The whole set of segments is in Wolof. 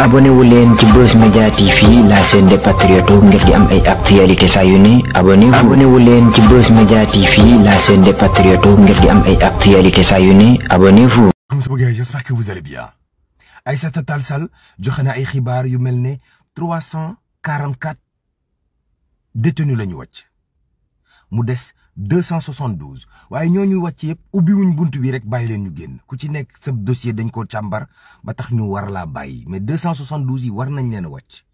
abonné wu leen ci Buzz Media TV la chaîne des patriotes ngir di am ay actualité saa yu ne abonné wu abonné wu leen ci Buzz Media fii la chaîne des patriotes ngir di am ay actualité saa yu ne abonnez-vous. j'espère que vous allez bien. Aïssata Tall Sall joxe na ay xibaar yu mel ne trois cent quarante quatre la ñu wàcc. mu des deux cent soixante douze waaye ñoo ñuy wàcc yëpp ubbiwuñ bunt bi rek bàyyi leen ñu génn ku ci nekk sa dossier dañ ko càmbar ba tax ñu war laa bàyyi mais deux cent soixante douze yi war nañ leen wacc wàcc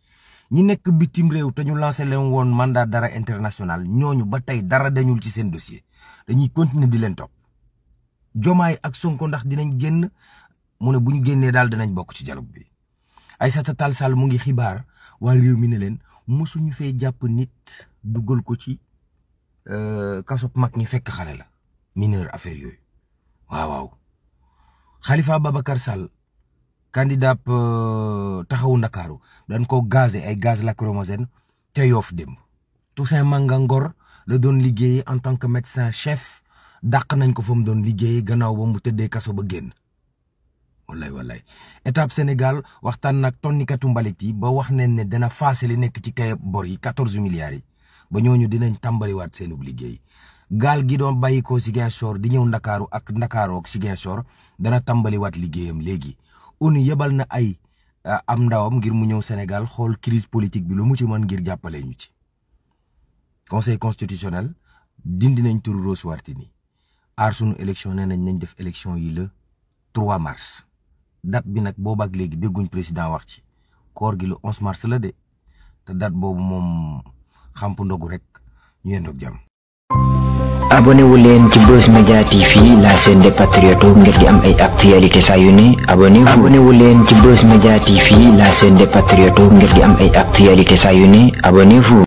ñi nekk bitim réew te ñu lancé leen woon mandat dara international ñooñu ba tey dara dañul ci seen dossier dañuy continuer di leen topp Jomaay ak Sonko ndax dinañ génn mu ne bu ñu génnee daal dinañ bokk ci dialogue bi Aïssata Tall Sall mu ngi xibaar waaye réew mi ne leen mosu ñu fee jàpp nit dugal ko ci Euh, kaso mag ñi fekk xale la mineur affaire yooyu waaw waaw Khalifa Babacar Sall candidat euh, taxawu Ndakaaru dañ koo gazé ay gaz lacrymogène te Yoff démb Toussaint Manga Ngor la doon liggéey en tant que médecin chef dàq nañ ko fa mu doon liggéey gannaaw ba mu tëddee kaso ba génn wallaay wallaay étape Sénégal waxtaan nag tonnikatu mbalit yi ba wax neen ne dana faase li nekk ci kay bor yi quatorze milliards yi ba ñooñu dinañ tàmbaliwaat seenub liggéey gaal gi doon bàyyi ko Ziguinchor di ñëw ndakaaru ak ndakaaroo ak Ziguinchor dana tàmbaliwaat liggéeyam léegi ONU yebal na ay eh, am ndawam ngir mu ñëw Sénégal xool crise politique bi lu mu ci mën ngir jàppale ñu ci conseil constitutionnel dindi nañ turu Rose Wardini aar sunu élection nee nañ nañ def élection yi la 3 mars date bi nag boobaak léegi dégguñ président wax ci koor gi la 11 mars la de te date boobu moom xamp ndogu rek ñu yendoog jàmm ci Buzz Media TV la chaîne des patriotes ngir di am ay actualité saa yu ne abonné abonné wu leen ci Buzz Media yi la seen des patriotes ngir di am ay actualité saa yu ne abonnez